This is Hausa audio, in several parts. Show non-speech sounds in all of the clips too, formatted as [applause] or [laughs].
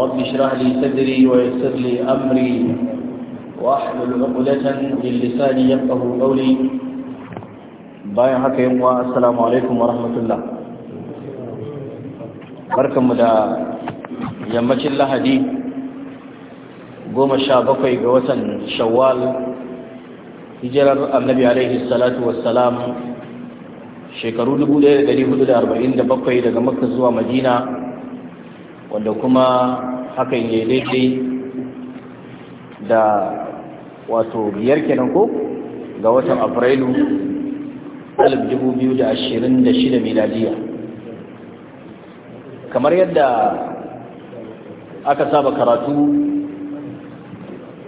رب اشرح لي صدري ويسر لي أمري وأحمل عقدة من لساني يفقه قولي باين حكا يموى السلام عليكم ورحمة الله بركم دا يمتش الله دي goma sha bakwai ga watan shawwal hijirar annabi alaihi salatu wassalam shekaru 1447 daga makka zuwa madina wanda kuma hakan ya daidai da wato biyar kenan ko ga watan afrilu 2026 miladiya kamar yadda aka saba karatu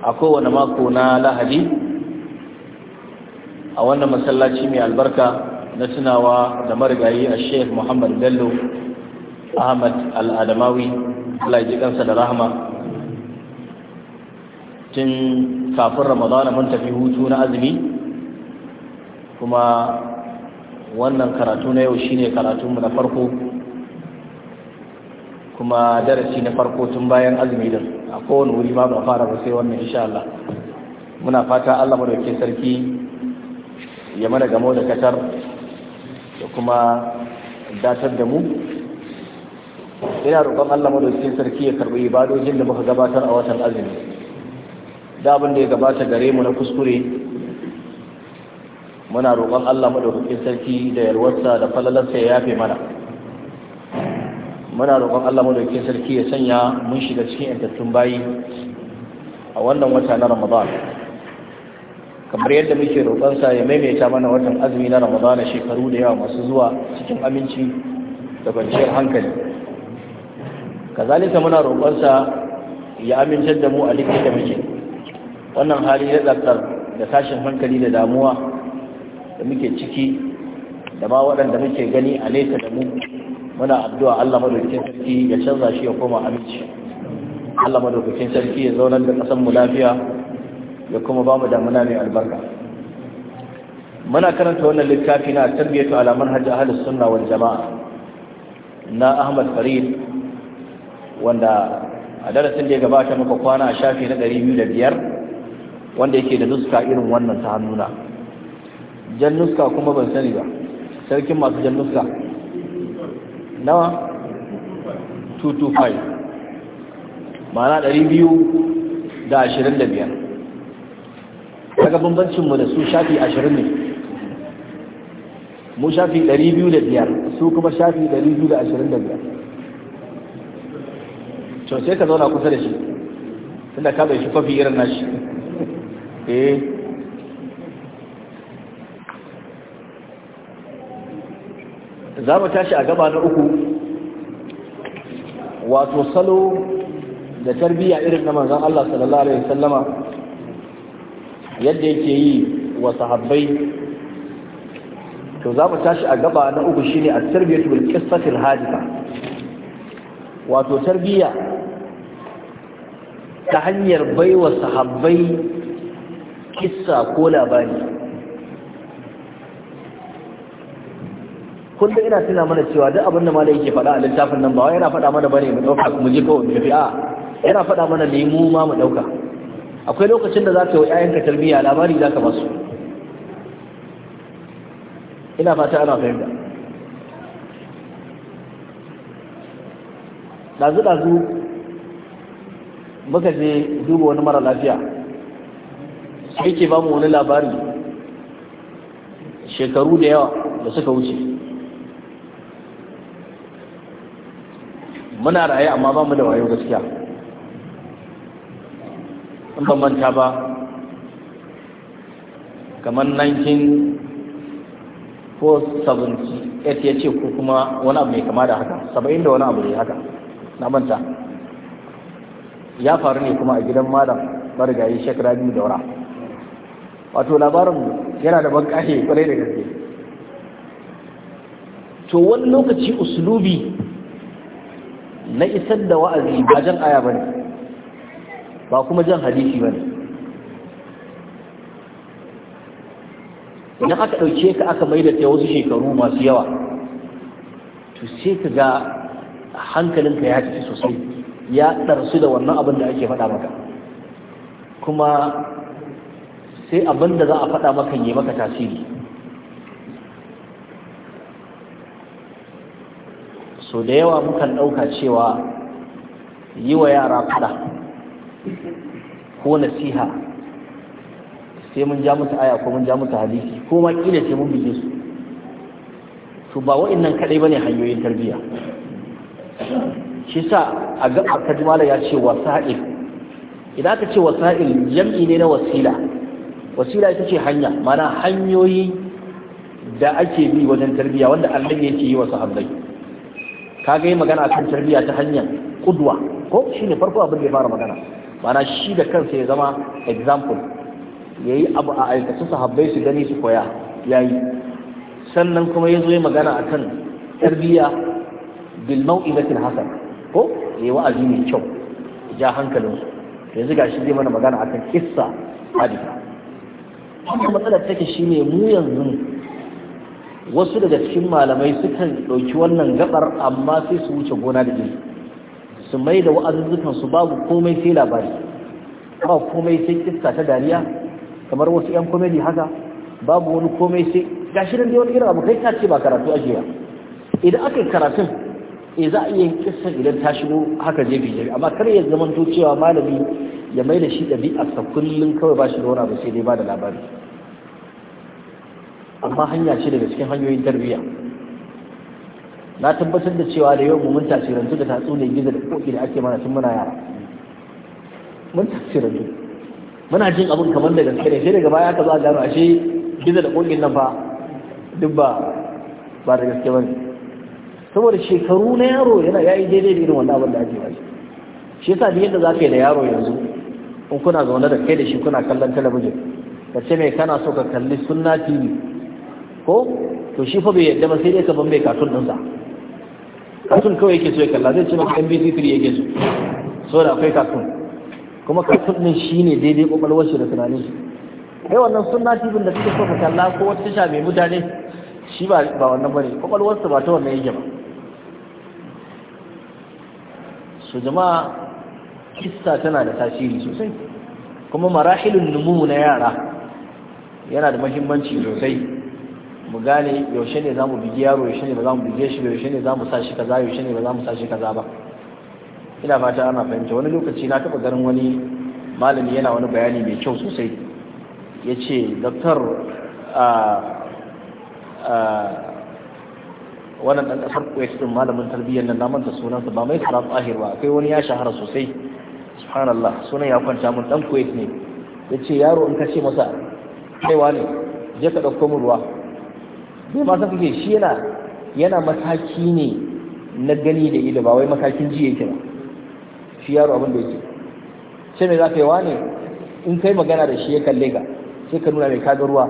a kowane mako na lahadi a wannan masallaci mai albarka na tunawa da marigayi a sheikh Muhammadu bello ahmad al'adamawi Allah da rahama tun kafin ramadana mun tafi hutu na azumi kuma wannan karatu na yau shine karatunmu na farko kuma darasi na farko tun bayan azumi da a kowane wuri ma ba fara ba sai wannan insha Allah muna fata Allah dauke sarki ya mana gamo da katar da kuma datar da mu ina roƙon Allah madaukakin sarki ya karɓi ibadojin da muka gabatar a watan azumi da abin da ya gabata gare mu na kuskure muna roƙon Allah madaukakin sarki da yarwarsa da falalarsa ya yafe mana muna roƙon Allah madaukakin sarki ya sanya mun shiga cikin yantattun bayi a wannan wata na Ramadan kamar yadda muke roƙonsa ya maimaita mana watan azumi na Ramadan shekaru da yawa masu zuwa cikin aminci da kwanciyar hankali kazalika muna roƙonsa ya amincar da mu a duk da muke wannan hali na tsartsar da tashin hankali da damuwa da muke ciki da ma waɗanda muke gani a laifin da mu muna addu'a Allah madaukakin sarki ya canza shi ya koma aminci Allah madaukakin sarki ya zaunar da ƙasar lafiya ya kuma ba mu damuna mai albarka muna karanta wannan littafi na tarbiyatu ala manhaj ahlus sunna wal jamaa na Ahmad Farid wanda a darasin da ya gabata muka kwana a shafi na 205 wanda yake da nuska irin wannan ta hannuna jan nuska kuma ban sani ba sarkin masu jan nuska nawa 225 ma'ana 225 daga bambancinmu da su shafi 20 ne mu shafi 205 su kuma shafi 225 to sai ka zauna kusa da shi tunda ka bai shi kwafi irin nashi eh za mu tashi a gaba na uku wato salo da tarbiyya irin na manzon Allah sallallahu alaihi wasallama yadda yake yi wa sahabbai to za mu tashi a gaba na uku shine at-tarbiyatu bil qissati al-hadisa wato tarbiyya ta hanyar baiwa sahabbai kissa ko labari da ina tuna mana cewa duk abin da malai yake faɗa a littafin nan ba wai yana faɗa mana bane mu ɗauka mu je kawai mu tafi a yana faɗa mana ne mu ma mu ɗauka akwai lokacin da za ka yi ƴaƴanka tarbiyya labari za ka ba su ina fata ana fahimta ɗazu-ɗazu muka je duba wani mara lafiya sai ke ba mu wani labari shekaru da yawa da suka wuce muna raye amma ba mu da wayo gaskiya in ban manta ba kamar 1978 ya ce ko kuma wani abu mai kama da haka 70 da wani abu ne haka na manta ya faru ne kuma a gidan malam marigayi shek rabi daura wato labarin yana da ban kashe kwarai da gaske to wani lokaci uslubi na isar da wa'azi ba jan aya ba ne, ba kuma jan hadisi ne. idan aka ɗauke ka aka da ta wasu shekaru masu yawa to sai ka ga hankalinka ya tafi sosai ya ɗarsu da wannan abin da ake faɗa maka kuma sai abin da za a faɗa maka yi maka tasiri so da yawa mukan ɗauka cewa yi wa yara faɗa ko nasiha sai mun ja mutu aya ko mun ja mutu hadisi ko ma ƙila sai mun bige su to ba nan kaɗai ba ne hanyoyin tarbiyya shi sa a ga akajimala ya ce wasa'il idan aka ce wasa'il jam'i ne na wasila wasila ita ce hanya mana hanyoyi da ake bi wajen tarbiyya wanda ya yake yi wa sahabbai kaga yi magana akan tarbiyya ta hanyar kudwa ko shine farko abin da ya fara magana mana shi da kansa ya zama example yayi abu a aikata sahabbai su gani su koya yayi sannan kuma ya zo yi magana akan tarbiyya bil mau'izatil hasan ko ya wa'azi mai kyau ja hankalinsu yanzu shi zai mana magana akan kissa hadisa Wannan matsalar take ne mu yanzu wasu daga cikin malamai sukan ɗauki wannan gabar amma sai su wuce gona da jini su mai da wa'azuzzukan su babu komai sai labari ba komai sai kissa ta dariya kamar wasu 'yan komedi haka babu wani komai sai gashi nan dai wani irin abu kai ka ce ba karatu ajiya idan aka yi karatun eh za a iya kissa idan ta shigo haka bi jefi amma kar ya zama to cewa malami ya mai da shi ɗabi'arsa kullum kawai ba shi da wani abu sai dai ba da labari amma hanya ce daga cikin hanyoyin tarbiyya na tabbatar da cewa da yau mun tasirantu da tatsuniyar gizo da koki da ake mana tun muna yara mun tasirantu muna jin abin kamar da gaske ne sai daga baya ka zo a gano ashe gizo da kokin nan fa duk ba ba da gaske bane saboda shekaru na yaro yana ya yi daidai da irin wannan abin da ake ba shi yasa da yadda ka yi da yaro yanzu in kuna zaune da kai da shi kuna kallon talabijin ka ce mai kana so ka kalli sunna tv ko to shi fa bai yadda ba sai dai ka ban mai katun ɗinsa katun kawai yake so ya kalla zai ce maka mb3 yake so so da akwai katun kuma katun ɗin shi ne daidai ƙwaƙwalwar shi da tunanin shi kai wannan sunna tv da suke so ka kalla ko wata tasha mai mutane shi ba wannan bane ƙwaƙwalwarsa ba ta wannan yake ba so jama'a kista tana da tasiri sosai kuma marahilun numu na yara yana da mahimmanci sosai mu gane yaushe ne za mu bigi yaro yaushe ne ba za mu bige shi yaushe ne za mu sa shi kaza yaushe ne ba za mu sa shi kaza ba ina fata ana fahimta wani lokaci na taɓa ganin wani malami yana wani bayani mai kyau sosai ya ce daktar ah, ah, wannan dan kasar Kuwait din malamin tarbiyyar nan namanta sunan sunansa ba mai Salat Ahir ba akwai wani ya shahara sosai subhanallah sunan ya kwanta mun dan Kuwait ne yace yaro in ka ce masa Kai wane je ka dauko mu ruwa bai ma san kike shi yana yana mataki ne na gani da ido ba wai matakin ji yake ba shi yaro abin da yake sai me za ka yi wane in kai magana da shi ya kalle ka sai ka nuna mai kaga ruwa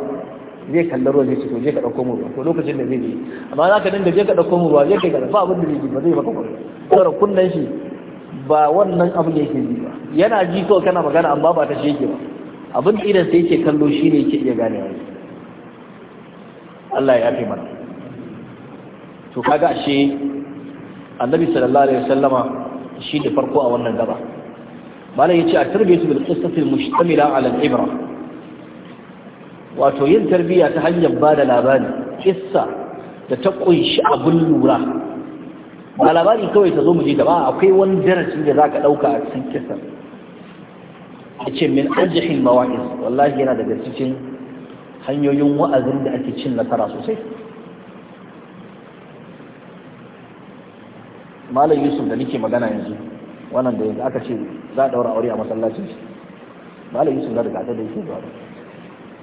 zai kalli ruwa zai ce to je ka ɗauko mu ruwa to lokacin da zai yi amma za ka dinga je ka ɗauko mu ruwa zai kai ga ba abin da zai ji ba zai maka ba saboda kunnen shi ba wannan abin yake ji ba yana ji kawai kana magana amma ba ta shege ba abin idan sai yake kallo shi ne yake iya gane ganewa Allah ya yafe mana to kaga ashe annabi sallallahu alaihi wasallama shi da farko a wannan gaba malai yace a tarbiyatu bil qissati al mushtamila ala al ibra wato yin tarbiyya ta hanyar ba da labari kissa da ta kunshi abin lura ba labari kawai ta zo mu je ta akwai wani darasi da za ka ɗauka a cikin kisan a ce min ajihin mawa'is wallahi yana daga cikin hanyoyin wa'azin da ake cin nasara sosai malam yusuf da nake magana yanzu wannan da yanzu aka ce za a ɗaura aure a masallacin shi malam yusuf na daga gata da yake zuwa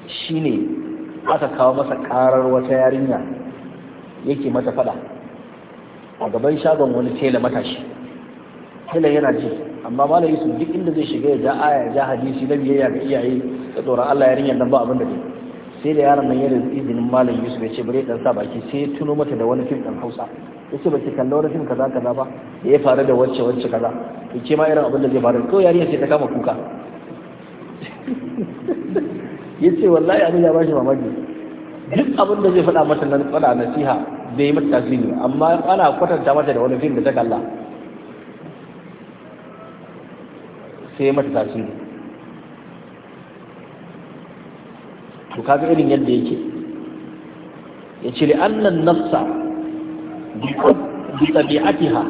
Shi ne aka kawo masa karar wata yarinya yake mata fada a gaban shagon wani tela matashi tela yana ce amma ma Yusuf duk inda zai shiga ya ja aya ja hadisi na biyayya ga iyaye da tsoron Allah yarinyar nan ba abin da ke, sai da yaron nan yana izinin malam Yusuf ya ce bari dan sa baki sai ya tuno mata da wani fim ɗan Hausa ya ce baki kalla wani fim kaza kaza ba da ya faru da wacce wacce kaza ya ke ma irin abin da zai faru kawai yarinya sai ta kama kuka ya ce wallahi abin ya bashi mamaki duk abin da zai faɗa mata nan faɗa nasiha bai yi mata tasiri amma ana kwatanta mata da wani fim da ta kalla sai ya mata tasiri to kaga irin yadda yake ya ce da annan nafsa bi tabi'atiha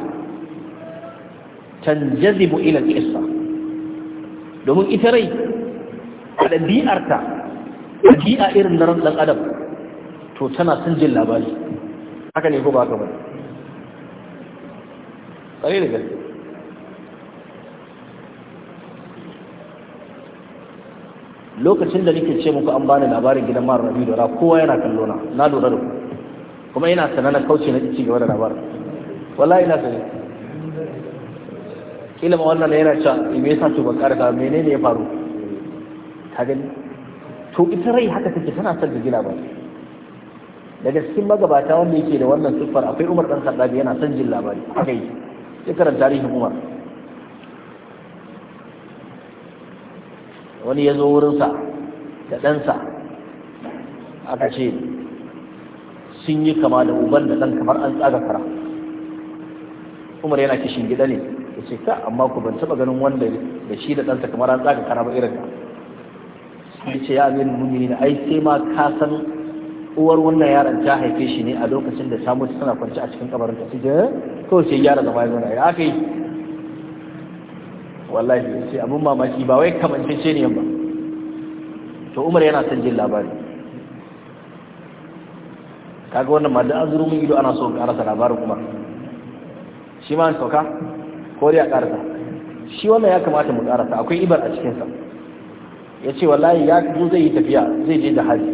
tanjazibu ila al-qissa domin ita rai a ɗabi'arta ɗabi'a irin na ɗan adam to tana son jin labari haka ne ko ba haka ba tsare da gaske lokacin da nake ce muku an bani labarin gidan mara rabi da kowa yana kallo na na lura da ku kuma ina sana na kauce na ci gaba da labarin wallahi ina sani kila ma wannan yana cewa me yasa to ban ƙara ka menene ya faru Ta gani to ita rai haka take tana son jigila ba labari daga cikin magabata wanda yake da wannan siffar akwai Umar dan Khattabi yana son jin labari Akai, yi sai karanta tarihin Umar wani ya zo wurinsa da ɗansa aka ce sun yi kama da uban da ɗan kamar an tsaga kara umar yana kishin gida ne ya ce ka amma ku ban taɓa ganin wanda da shi da ɗansa kamar an tsaga kara ba irin ka ya ce ya abin na ai sai ma ka san uwar wannan yaron ta haife shi ne a lokacin da ta mutu tana kwanci a cikin kabarin ta cikin ko sai eh? yara zama yana ya aka yi wallahi sai abin mamaki ba wai kamantacce ne ba to umar yana son jin labari kaga wannan ma da azurumin ido ana so karasa labarin kuma shi ma an sauka ko dai a karasa shi wannan ya kamata mu karasa akwai ibar a cikinsa ya ce wallahi ya zo zai yi tafiya zai je da haji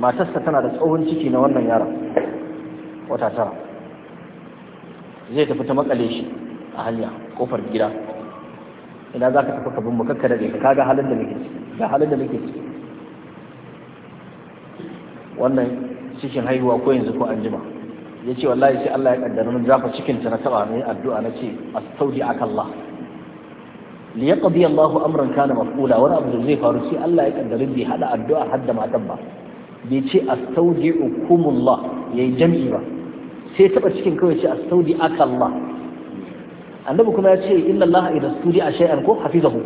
matarsa tana da tsohon ciki na wannan yaron wata tara zai tafi ta makale shi a hanya kofar gida ina za ka tafi ka bin kakka da ka ga halin da muke ciki ga halin da muke ciki wannan cikin haihuwa ko yanzu ko an jima ya ce wallahi sai Allah ya kaddara mun zafa cikin ta na taba ne addu'a na ce astaudi akallah li Allahu amran kana maf'ula wani abu da zai faru sai Allah ya kaddara bai hada addu'a hadda matan ba bai ce astaudi'ukumullah yayi jami'i ba sai taba cikin kawai ce astaudi'aka Allah annabi kuma ya ce inna Allah idza studi'a shay'an ko hafizahu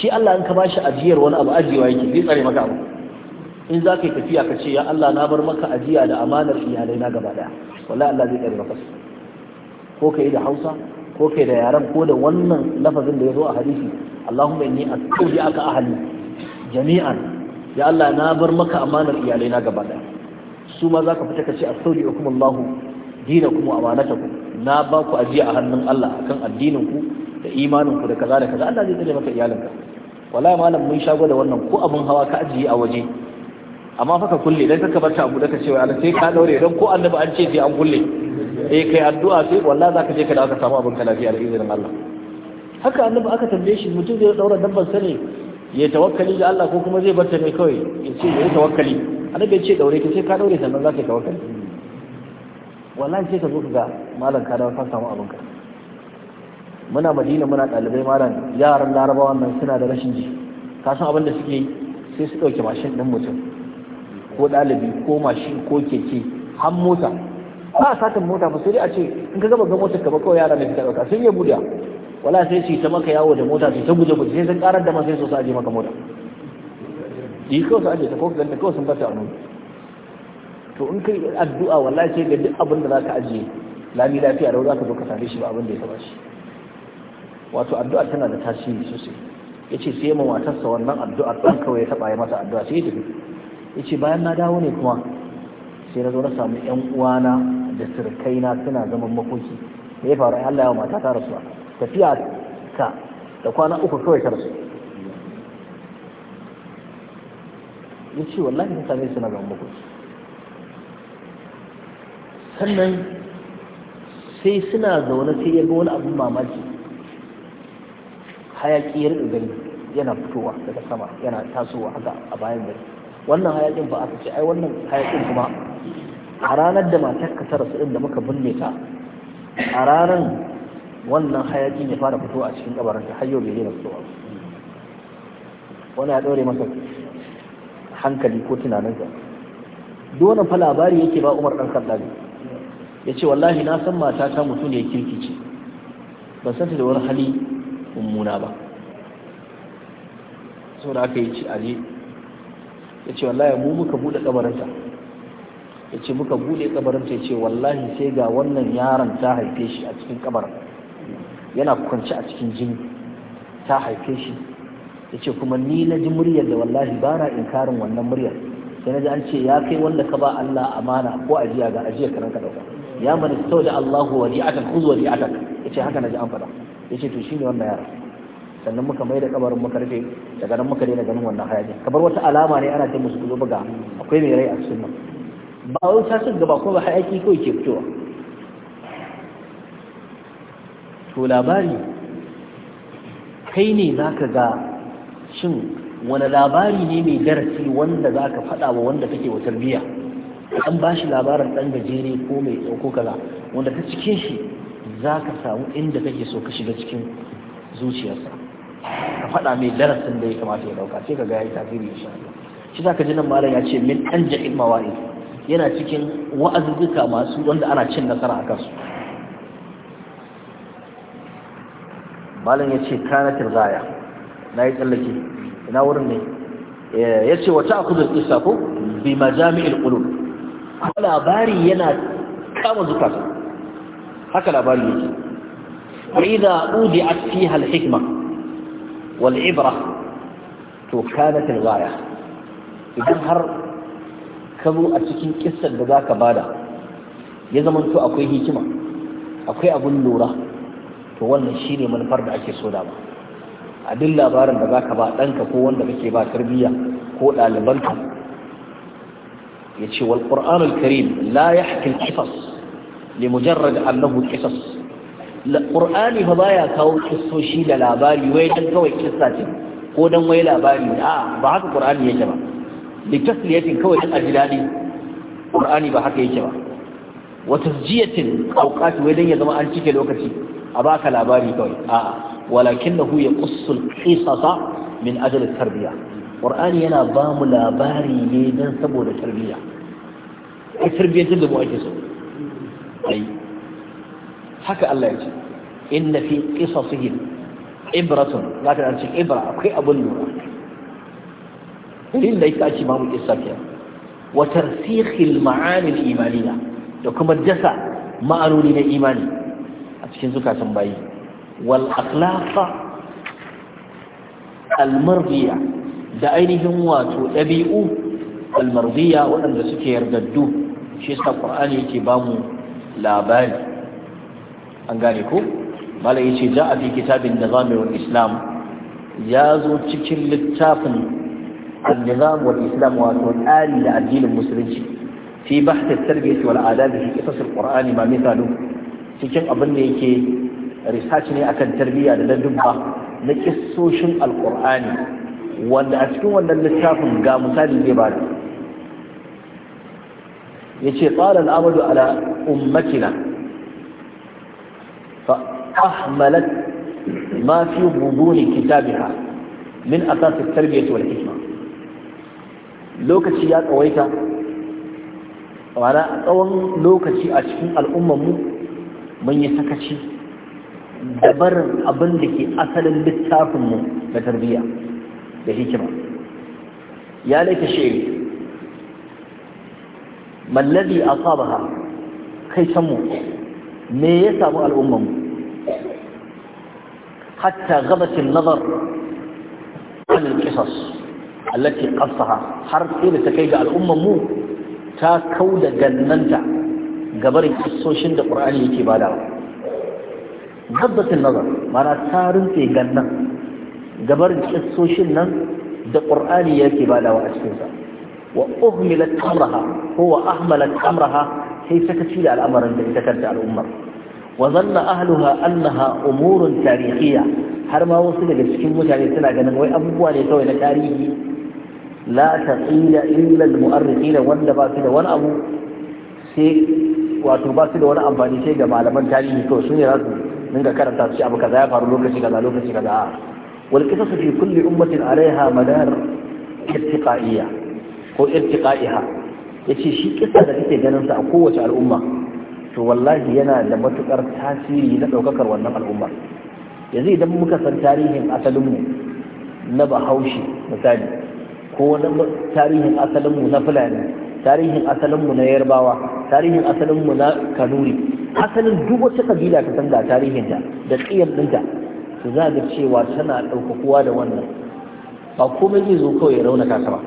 shi Allah in ka bashi ajiyar wani abu ajiyewa yake zai tsare maka abu in za ka yi tafiya ka ce ya Allah na bar maka ajiya da amanar iyalai na gaba daya wallahi Allah zai tsare maka ko ka yi da Hausa ko ke da yaren ko da wannan lafazin da ya zo a hadisi Allahumma inni astauji aka ahli jami'an ya Allah na bar maka amanar iyalai na gaba daya su ma zaka fita ka ce astauji ukum Allah dinakum wa amanatakum na ba ku ajiya a hannun Allah akan addinin ku da imanin ku da kaza da kaza Allah zai tsare maka iyalinka wallahi malam mun shago da wannan ko abun hawa ka ajiye a waje amma fa ka kulle dan ka bar ta abu da ka ce Allah sai ka daure dan ko annabi an ce sai an kulle eh kai addu'a sai wallahi zaka je ka da aka samu abin ka lafiya da izinin Allah haka annabi aka tambaye shi mutum zai daura dabban sa ne ya tawakkali ga Allah ko kuma zai barta ne kawai ya ce ya tawakkali annabi ya ce daure ka sai ka daure sannan zaka yi tawakkali wallahi sai ka zo ga malam ka da ka samu abin ka muna Madina muna ɗalibai malam yaran Larabawa nan suna da rashin ji ka san abin da suke sai su ɗauke mashin ɗin mutum ko ɗalibi ko mashin ko keke har mota ba satan mota ba sai dai a ce in ka gaba ga mota ka ba kawai yara ne ka dauka sun yi buda wala sai su ta maka yawo da mota su ta guje guje sai sun karar da ma sai su sa aje maka mota yi kawai su aje ta kawai ganta kawai sun bata a to in kai addu'a wallahi sai ga duk abin da za ka ajiye lami lafiya da za ka zo ka same shi ba abin da ya taba shi wato addu'a tana da tasiri sosai yace sai ma matarsa wannan addu'ar ɗan kawai ya taba yi masa addu'a sai ya tafi yace bayan na dawo ne kuma sai na zo na samu yan uwana da sirkaina suna zaman makoki me ya faru Allah ya mata ta rasuwa tafiya ta da kwana uku kawai ta rasu ya ce wallahi ta same suna zaman makoki sannan sai suna zaune sai ya ga wani abin mamaki hayaki ya gani yana fitowa daga sama yana tasowa haka a bayan gari wannan hayakin ba a ce ai wannan hayakin kuma a ranar da matarka ta rasu da muka binne ta a ranar wannan hayakin ya fara fito a cikin kabarin ta hayo bai rasu ba wani ya ɗaure masa hankali ko tunaninsa dole fa labari yake ba Umar dan Ya ce wallahi na san mata ta mutum ne kirkice ban san ta da wani hali mummuna ba saboda aka yi ci aje ce wallahi mu muka buɗe kabarinta ya ce muka bude kabarin ta ce wallahi sai ga wannan yaron ta haife shi a cikin kabarin yana kwanci a cikin jini ta haife shi ya ce kuma ni na ji muryar da wallahi ba na inkarin wannan muryar sai na ji an ce ya kai wanda ka ba Allah amana ko ajiya ga ajiya ka ranka dauka ya mani sau da Allahu wadi'atan khuz wadi'atan ya ce haka na ji an faɗa ya ce to shine wannan yaron sannan muka maida da kabarin muka rufe daga nan muka daina ganin wannan hayakin kamar wata alama ne ana ce musu zo buga akwai mai rai a cikin nan ba wai sasun gaba ko ba hayaki kawai ke ba? to labari kai ne za ka ga shin wani labari ne mai darasi wanda za ka fada wa wanda kake wa tarbiyya an ba shi labarin ɗan gajere ko mai ɗauko kaza wanda ta cikin shi za ka samu inda kake so ka shiga cikin zuciyarsa ka fada mai darasin da ya kamata ya ɗauka sai ka ga ya yi tasiri shi za ka ji nan malam ya ce min an ja'il mawa'i yana cikin wa'azuzzuka masu wanda ana cin nasara a kansu malam ya ce kanatin gaya na yi tsallake ina wurin ne eh, ya ce wata a kudin isa ko bi majami'il ulum labari yana kama zukata haka labari yake وإذا أودعت فيها الحكمة والعبرة to kanatil ghaya idan har ka zo a cikin kissar da zaka bada ya zamanto akwai hikima akwai abun lura to wannan shine manufar da ake so da ba a duk labarin da zaka ba ɗanka ko wanda kake ba tarbiyya ko ɗalibanka ya ce wal ƙur'anul karim la ya hakin kisas li mujarrad annahu kisas ƙur'ani ba baya kawo kisoshi da labari wai dan kawai kissa ce ko don wai labari a ba haka ƙur'ani yake ba litasliyatin kawai din aji dadi qur'ani ba haka yake ba wa tasjiyatin awqat wai dan ya zama an cike lokaci a baka labari kawai a'a walakinahu yaqussul qisasa min ajli tarbiya qur'ani yana ba mu labari ne dan saboda tarbiya ai tarbiyatin da mu ake so ai haka Allah ya ce inna fi qisasihim ibratun zaka ce ibra akwai abun lura dalilin da yake aci babu kissa ke wa tarsikhil ma'ani al imaniya da kuma dasa ma'anoni na imani a cikin zukatan bayi wal akhlaqa al-mardiya da ainihin wato dabi'u al-mardiya waɗanda suke yardaddu shi yasa qur'ani yake bamu labari an gane ko malai yace a fi kitabin nizami wal islam ya zo cikin littafin al-nizam wal islam wato tsari da addinin musulunci fi bahth at-tarbiyyah wal adab fi qisas al-qur'an misalu cikin abin da yake research ne akan tarbiyya da ladabba na kissoshin al wanda a cikin wannan littafin ga misali zai ba yace qala al-amadu ala ummatina fa ahmalat ma fi bubuni kitabiha min asas at-tarbiyyah wal hikmah lokaci ya tsawaita wana tsawon lokaci a cikin al'ummanmu mun yi sakaci dabar abin da ke asalin littafinmu na tarbiyya da hikima ya laika shiri mallabi a sabaha kai sanmu me ya samu al'ummanmu hatta gabacin nazar عن القصص allati kasaha har sai da ta kai ga al'umman mu ta kauda gannanta gabarin kissoshin da qur'ani yake badawa gabbatin nazar mana ta rinse gannan gabarin kissoshin nan da qur'ani yake badawa a cikin sa wa uhmilat amraha ko wa ahmalat amraha sai ta ci da al'amarin da ita kanta al'ummar wa zanna ahluha annaha umurun tarihiyya har ma wasu daga cikin mutane suna ganin wai abubuwa ne kawai na tarihi la taqila illan mu'arriki muarrikhina wanda ba su da wani abu sai wato ba su da wani amfani sai ga malaman tarihi to sun yi za su dinga karanta su abu kaza ya faru lokaci kaza lokaci kaza wal qisasu fi kulli ummatin alaiha madar irtiqa'iyya ko irtiqa'iha yace shi kisa da kake ganin sa a kowace al'umma to wallahi yana da matukar tasiri na daukakar wannan al'umma yanzu idan muka san tarihin asalin mu na bahaushe misali ko wani tarihin asalinmu na fulani tarihin asalinmu na yarbawa tarihin asalinmu na kanuri asalin duk wata kabila ta san ga tarihinta da tsiyar ɗinta su za cewa tana ɗaukakuwa da wannan ba komai zai zo kawai ya rauna kasa ba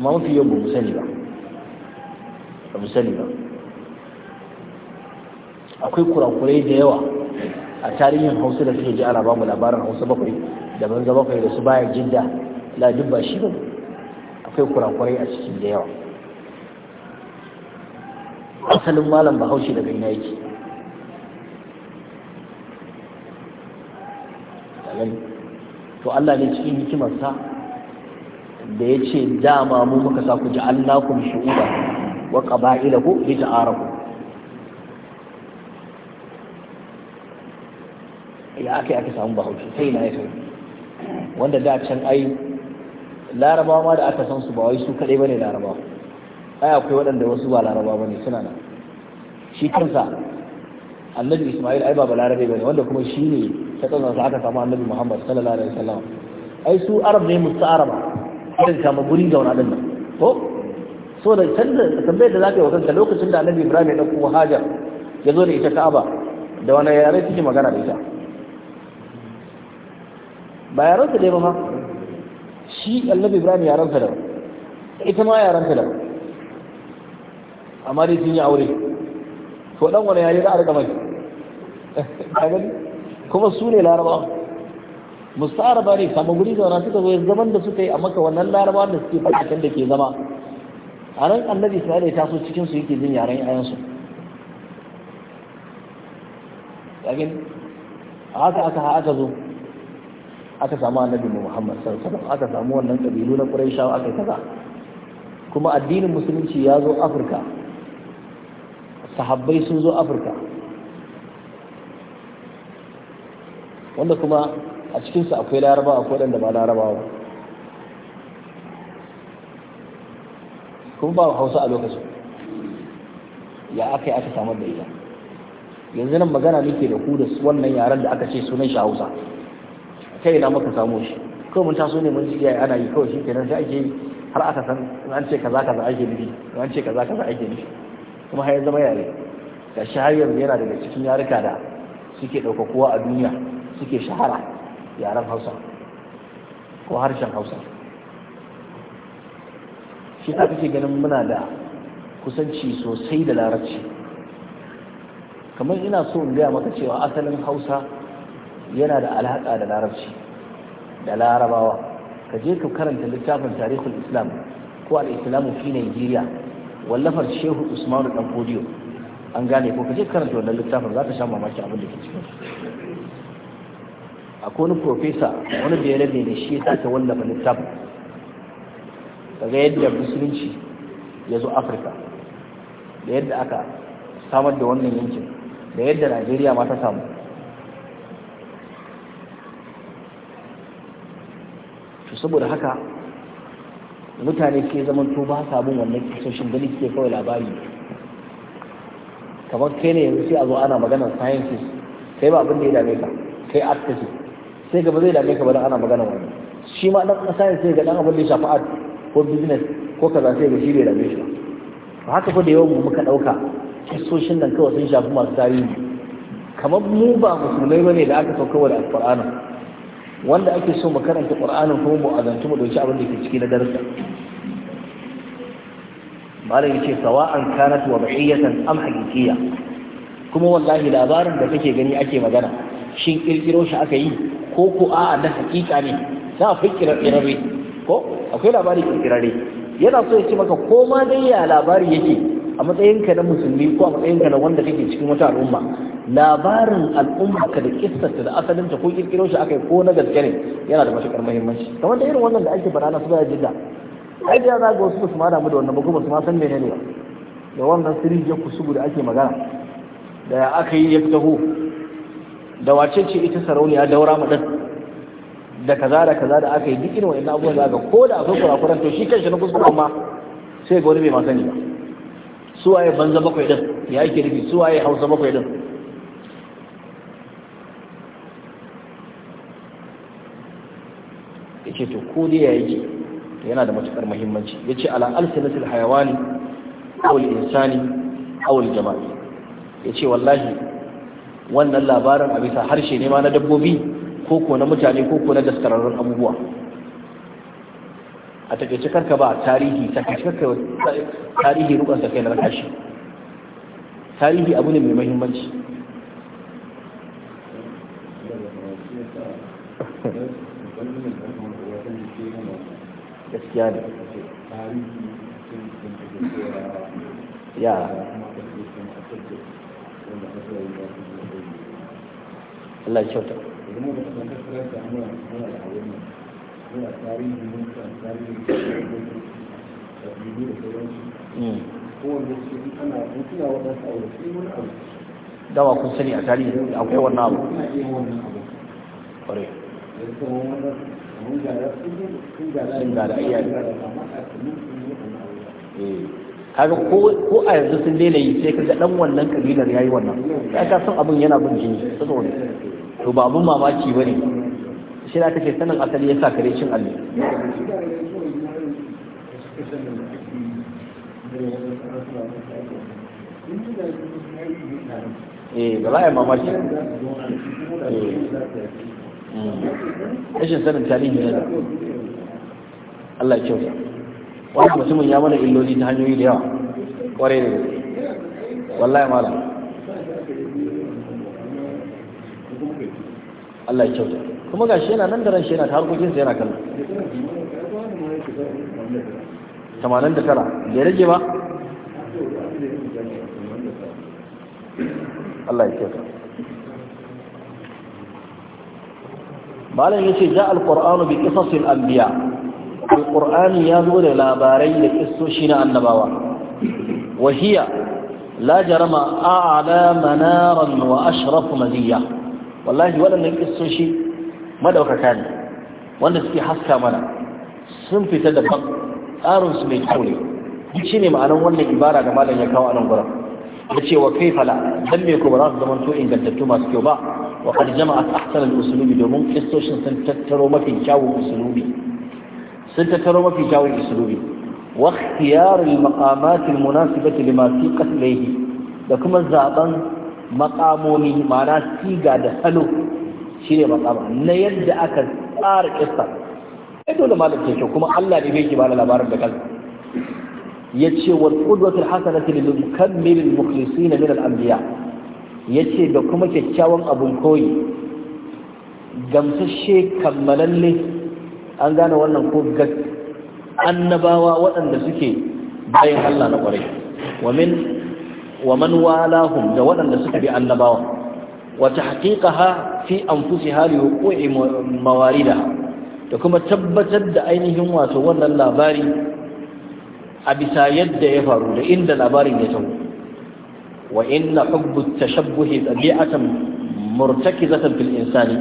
amma mafi yau ba mu sani ba mu sani ba akwai kurakurai da yawa a tarihin hausa da suke ji ana ba mu labarin hausa bakwai da banza bakwai da su bayan jidda la dubba ba shi ba akwai kurakurai a ciki da yawa asalin malam bahaushe daga ina yake to Allah ne cikin hikimarsa da ya ce dama mu muka sa ku ja'alnakum shu'uba wa qaba'ila ku lita'arafu ya aka aka samu bahaushe sai na yasa wanda da can ai larabawa ma da aka san su ba wai su kaɗai bane larabawa ai akwai waɗanda wasu ba larabawa bane suna nan shi kansa annabi isma'il ai ba larabe bane wanda kuma shi ne ta kan sa aka samu annabi muhammad sallallahu alaihi wasallam ai su arab ne musta'araba irin kama guri ga wani nan to so da canza tambayar da zaka yi wa kanka lokacin da annabi ibrahim ya dauko hajar ya zo da ita ka'aba da wani yare kike magana da ita ba yaran dai ba ma shi annabi ibrahim ta da ita ma ta da amma dai sun yi aure to dan wani yare za a rika mai kuma su ne laraba musaraba ne kama guri zauna suka zo zaman da suka yi a maka wannan laraba da suke fadakan da ke zama a nan annabi da ya taso cikin su yake jin yaren ayansu a haka aka haka zo aka samu annabi Muhammad sallallahu alaihi wasallam aka samu wannan kabilu na Quraishawa aka kaza kuma addinin musulunci ya zo Afirka sahabbai sun zo Afirka wanda kuma a cikinsu akwai laraba akwai da ba ba kuma ba hausa a lokacin ya aka yi aka samar da ita yanzu nan magana nake da ku da wannan yaren da aka ce sunan shi hausa kai na muka samu shi ko mun taso ne mun ji ya ana yi kawai shikenan sai ake yi har aka san an ce kaza kaza ake nufi an ce kaza kaza ake nufi kuma har ya zama yare ga har yanzu yana daga cikin yarika da suke ɗaukakuwa a duniya suke shahara yaren hausa ko harshen hausa shi ta kake ganin muna da kusanci sosai da larabci kamar ina so in gaya maka cewa asalin hausa yana da alhaka da larabci da larabawa ka je ka karanta littafin tarihul islam ko al-islamu fi nigeria wallafar shehu usmanu dan kodiyo an gane ko ka je karanta wannan littafin za ka sha mamaki abin da ke cikin akwai wani profesa wani da ya rabe ne shi ya ta wallafa littafin daga yadda musulunci ya zo afirka da yadda aka samar da wannan yankin da yadda najeriya ma ta samu to saboda haka mutane ke zaman to ba sa bin wannan kisoshin gani ke kawai labari kamar kai ne yanzu sai a zo ana maganar sciences kai ba abin da ya dame ka kai art sai gaba zai dame ka ba ana maganar wannan shi ma dan science sai ga dan abin da ya shafi art ko business ko kaza sai ga shi bai dame shi ba haka ko da yawan mu muka dauka kisoshin nan kawai sun shafi masu tarihi kamar mu ba musulmai bane da aka sauka wa da alqur'ana wanda ake so mu karanta qur'anin kuma mu azantu mu dauki abin da ke ciki na darasa malam yace sawa'an kanat wad'iyatan am haqiqiyya kuma wallahi labarin da kake gani ake magana shin kirkiro shi aka yi ko ko na hakika ne za a fi kirkirare ko akwai labari kirkirare yana so ya ce maka ko ma dai ya labari yake a matsayinka na musulmi ko a matsayinka na wanda kake cikin wata al'umma labarin al'umma ka da kissarta da asalinta ko kirkiro shi akai ko na gaske ne yana da matukar muhimmanci kamar wanda irin wannan da ake fara na su da jidda ai da za ga wasu su ma damu da wannan ba su ma san menene ba da wannan sirri ya subu da ake magana da aka yi ya taho da wace ce ita sarauniya daura mu din da kaza da kaza da aka yi duk irin wa'annan abubuwan da aka ko da akwai kurakuran to shi kanshi na kuskure amma sai ga wani bai ma sani ba suwaye banza bakwai din ya yake nufi suwaye hausa bakwai din ya ce to ko dai ya yake yana da matukar muhimmanci ya ce ala alsinatul hayawani awul insani awul jama'i ya ce wallahi wannan labarin a bisa harshe ne ma na dabbobi ko ko na mutane ko ko na daskararrun abubuwa a takaice karka ba tarihi takaice karka tarihi rukun sa kai na kashi tarihi abu ne mai muhimmanci gaskiya ne ya Allah ya kyauta. suna dawa kun sani a tarihi akwai wannan abu ko a yanzu sun daina yi sai kaga dan wannan kabilar yayi wannan sai ka san abin yana bin jini saboda to ba abun mamaki bane shi take sanin asali ya sa kare cin alli eh ba za a yi mamaki eh. rashin sanin tarihi ne Allah kyau wani mutumin ya mana illoli ta hanyoyi da yawa Kware ne, wallahi malam Allah kyau kuma gashi yana nan da ran shi yana harkokinsa yana kallon tara, bai rage ba Allah ya kyauta malam ya ce ja alƙur'anu bi ƙisasin anbiya alƙur'ani ya zo da labarai da ƙisoshi na annabawa wahiya la jarama a'ala manaran wa ashrafu madiyya wallahi waɗannan ƙisoshi madaukaka ne wanda suke haska mana sun fita da tsarinsu mai kyau ne duk ne ma'anar wannan ibara da malam ya kawo a nan gurin ya ce wa kai fala dan me ko ba za su zama to ingantattu masu kyau ba wa jama'a jama'at ahsan al-usulubi domin kistoshin sun tattaro mafi kyawun usulubi sun tattaro mafi kyawun usulubi wa ikhtiyar al al-munasibati lima fi da kuma zaben maqamomi ma'ana siga da salo shi ne matsaba na yadda aka tsara kista ai dole malam ke kyau kuma Allah ne bai ki bada labarin da kansa yace wal qudwatul hasanatu lil mukammilil mukhlisin min al anbiya yace da kuma kyakkyawan abun koyi gamsashe kammalalle an gane wannan ko annabawa waɗanda suke bayan Allah na ƙwarai wa min wa man walahum da waɗanda suka bi annabawa wa tahqiqaha fi fusi hali wuqu'i mawarida da kuma tabbatar da ainihin wato wannan labari a bisa yadda ya faru da inda labarin ya tawo wa inna hubbu tashabbuhi tabi'atan murtakizatan fil insani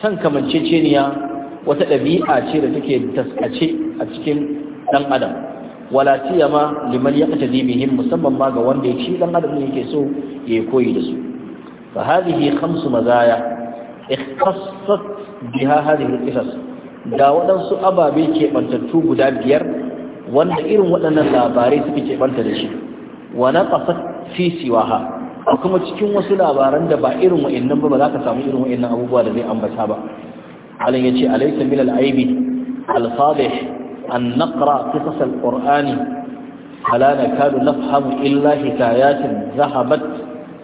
san kamanceceniya wata ɗabi'a ce da take taskace a cikin ɗan adam wala tiyama liman yaqtadi bihim musamman ma ga wanda ya ci dan adam ne yake so ya koyi da su فهذه خمس مزايا اختصت بها هذه القصص da waɗansu ababe keɓantattu guda biyar wanda irin waɗannan labarai suke keɓanta da shi wa na ƙasa fi siwaha a kuma cikin wasu labaran da ba irin wa'innan ba ba za ka samu irin wa'innan abubuwa da zai ambata ba alin ya ce alaisa min al'aibi alfadih an naqra qisas alqur'ani ala nakadu nafhamu illa hikayatin zahabat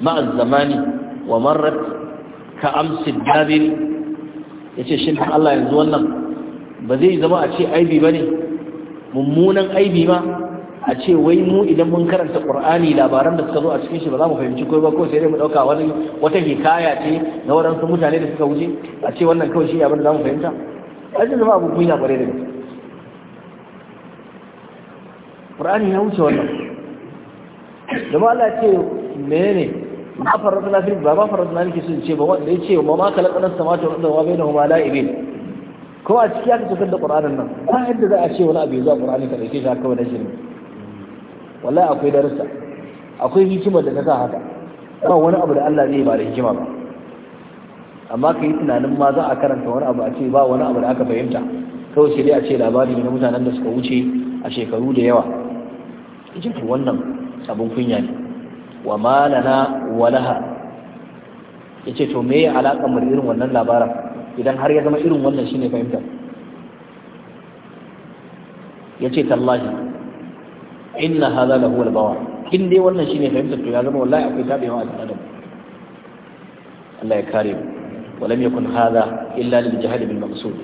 ma'a zamani wa marrat ka amsi dabiri yace shin Allah yanzu wannan ba zai zama a ce aibi bane mummunan aibi ma a ce wai mu idan mun karanta qur'ani labaran da suka zo a cikin shi ba za mu fahimci ko ba ko sai dai mu dauka wani wata hikaya ce na waɗansu mutane da suka wuce a ce wannan kawai shi abin da za mu fahimta ajin zama abu kunya kware da qur'ani ya wuce wannan Jama'a ma Allah ce menene ma farradna fil ba ma farradna nake sun ce ba wanda yace ma ma kalaqna samawati wal arda wa bainahuma la'ibin ko a ciki aka tafi da qur'anin nan ba yadda za a ce wani abu ya zuwa qur'ani ka dauke shi haka wannan shirin wallahi akwai darussa akwai hikima da ta sa haka ba wani abu da Allah zai ba da hikima ba amma ka yi tunanin ma za a karanta wani abu a ce ba wani abu da aka fahimta kawai sai dai a ce labari na mutanen da suka wuce a shekaru da yawa ijin wannan abin kunya ne wa malana wa laha yace to me alaka mu irin wannan labarin idan har ya zama irin wannan shine fahimta yace tallahi inna hadha lahu al-bawa kin dai wannan shine fahimtar to ya zama wallahi akwai tabewa a cikin Allah ya kare mu walam yakun hadha illa lil jahl bil maqsud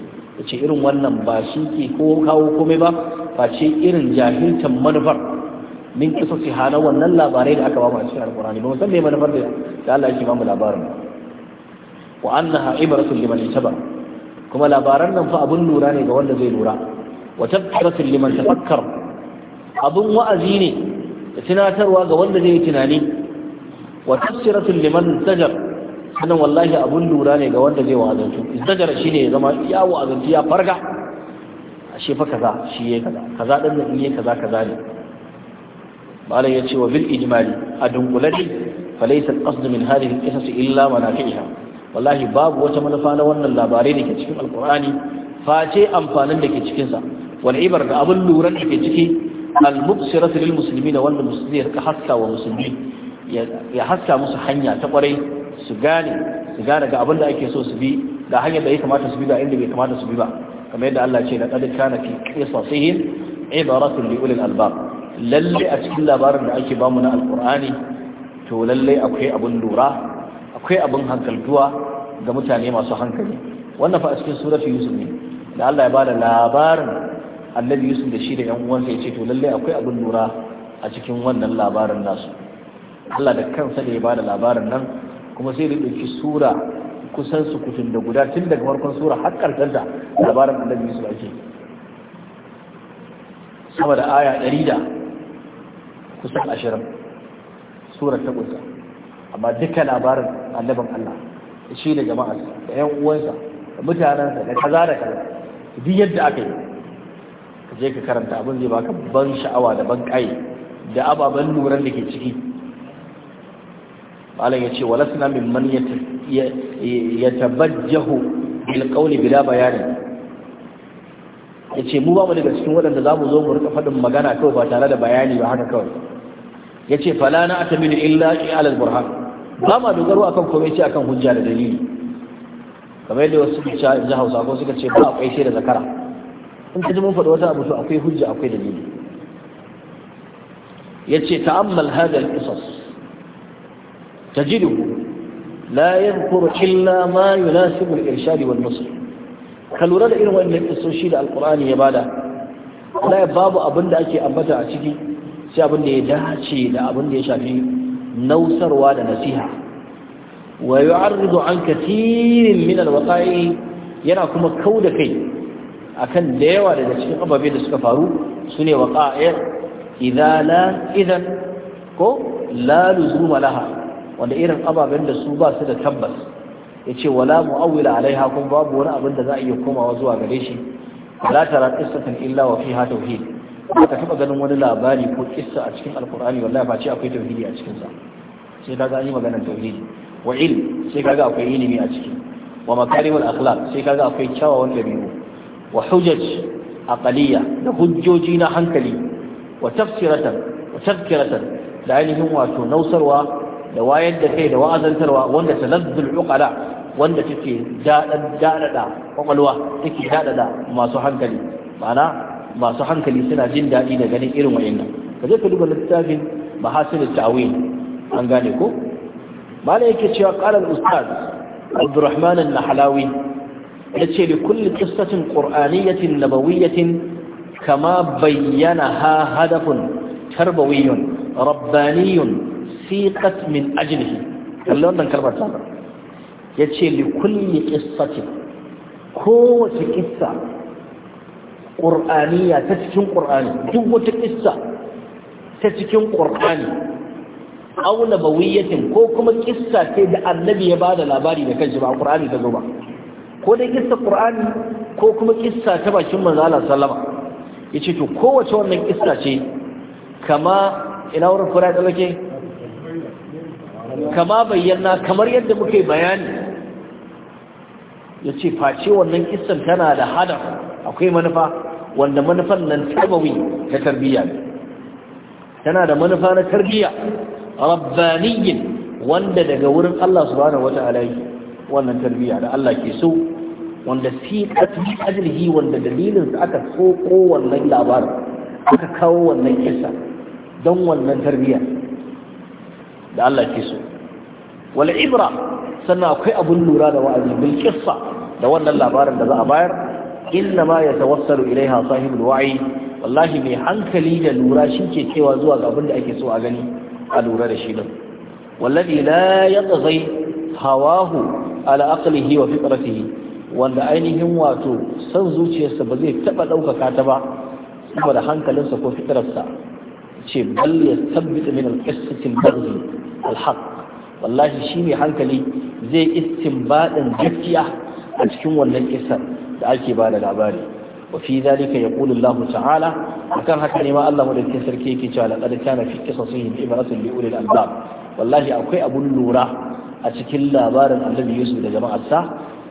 yace irin wannan ba shi ke ko kawo komai ba face irin jahiltan manufar min kisasi hana wannan labarai da aka ba mu a cikin alkurani ba mu san me manufar da da Allah yake ba mu labarin wa annaha ibratun liman ittaba kuma labaran nan fa abun lura ne ga wanda zai lura wa tabkiratun liman tafakkar abun wa'azi ne da tunatarwa ga wanda zai yi tunani wa tafsiratun liman tajar sannan wallahi abun lura ne ga wanda zai wa'azantu istajar shine ya zama ya wa'azantu ya farga ashe fa kaza shi yayi kaza kaza din ne kaza kaza ne malam ya ce wa bil ijmali a dunkulari falaisa qasd min hadhihi al-qisas illa manafi'ha wallahi babu wata manufa na wannan labarai da ke cikin alqur'ani face amfanin da ke cikin sa wal ibar da abin lura da ke ciki al-mubsiratu lil muslimin wanda musulmi ya haska wa ya haska musu hanya ta kwarai su gane su gane ga abin da ake so su bi Da hanyar da ya kamata su bi ba inda bai kamata su bi ba kamar yadda Allah ce da qad kana fi qisasihim ibaratun li ulil albab lalle a cikin labarin da ake bamu na alkur'ani to lalle akwai abin lura akwai abin hankaltuwa ga mutane masu hankali wannan fa a cikin suratu yusuf ne da Allah ya bada labarin annabi yusuf da shi da yan uwansa ce, to lalle akwai abin lura a cikin wannan labarin nasu Allah da kansa da ya bada labarin nan kuma sai da dauki sura kusan kutun da guda tun daga farkon sura har karkanta labarin annabi yusuf ake sama da aya ɗari da kusan ashirin surar ta kusa amma duka labarin annabin Allah shi da jama'a da yan uwansa da mutanensa da kaza da kaza duk yadda aka yi ka je ka karanta abin zai baka ban sha'awa da ban kai da ababen luran da ke ciki malam ya ce min man ya tabajjahu bil qawli bila bayani ya ce mu ba mu daga cikin waɗanda za mu zo mu rika faɗin magana kawai ba tare da bayani ba haka kawai ya ce fala na atamidu illa alal burhan ba ma dogaro akan komai ce akan hujja da dalili kamar yadda wasu suka ji hausa ko suka ce ba akwai shi da zakara in ka ji mun faɗi wata abu to akwai hujja akwai dalili ya ce ta'ammal hadal qisas tajidu la yadhkuru illa ma yunasibu al-irshad wal nusr ka lura da irin wannan kisoshi da alqur'ani ya bada la babu abin da ake ambata a ciki sai abin da ya dace da abin da ya shafi nausarwa da nasiha wa yu'arridu an katirin min alwaqa'i yana kuma kauda kai akan da yawa daga cikin ababe da suka faru sune waqa'i idza la idan ko la luzuma laha wanda irin ababen da su ba su da tabbas yace wala mu'awwila alaiha kun babu wani abin da za a iya komawa zuwa gare shi la tara qissatan illa wa fiha tauhid ba ka taɓa ganin wani labari ko kissa a cikin alkur'ani wallahi ba ce akwai tauhidi a cikinsa sai ka gani maganar tauhidi wa ilm sai kaga akwai ilimi a ciki wa makarimul akhlaq sai kaga akwai kyawawan dabi'u wa hujaj aqaliya da hujjoji na hankali wa tafsiratan wa tadhkiratan da ainihin wato nausarwa da wayar da kai da wa'azantarwa wanda talazzul uqala wanda take dadada kwakwalwa take dadada masu hankali ma'ana masu hankali suna jin daɗi da ganin irin wa'annan ka je ka duba littafin mahasin ta'awin an gane ko mala yake cewa qala al-ustad Abdurrahman an-Nahlawi yace li kulli qissatin qur'aniyatin nabawiyatin kama bayyanaha hadafun tarbawiyyun rabbaniyyun siqat min ajlihi Allah nan kalmar ta yace li kulli qissatin ko wace kissa ƙur'aniya ta cikin ƙur'ani duk wata ƙissa ta cikin ƙur'ani auna bawiyyatin ko kuma ƙissa ce da annabi ya bada labari da kanshi ba a ƙur'ani ta zo ba ko dai ƙissa ƙur'ani ko kuma ƙissa ta bakin manzo Allah Ya ce to kowace wannan ƙissa ce kama ina wurin fura tsallake kama bayyana kamar yadda muke bayani ya ce face wannan kissan tana da hadaf akwai manufa wanda manufan nan sabawi ta tarbiyya ne tana da manufa na tarbiyya rabbaniyyin wanda daga wurin Allah subhanahu wata'ala wannan tarbiyya da Allah ke so wanda fi qatli ajlihi wanda dalilin sa aka soko wannan labarin aka kawo wannan kissa don wannan tarbiyya da Allah ke so wal ibra sannan akwai abun lura da wa'azi bil qissa da wannan labarin da za a bayar inna ma yatawassalu ilaiha sahibul wa'i wallahi mai hankali da lura shi ke cewa zuwa ga abin da ake so a gani a lura da shi din wallazi la yatazai hawahu ala aqlihi wa fitratihi wanda ainihin wato san zuciyarsa ba zai taba ɗaukaka ta ba saboda hankalinsa ko fitrarsa ce bal ya tabbata min al-qissati al-baghi al-haq wallahi shi mai hankali zai istinbadin gaskiya a cikin wannan kisan. da ake ba da labari wa fi zalika yaqulu Allah ta'ala akan haka ne ma Allah madaukakin sarki yake cewa laqad kana fi qisasihim ibratun li ulil albab wallahi akwai abun lura a cikin labarin Annabi Yusuf da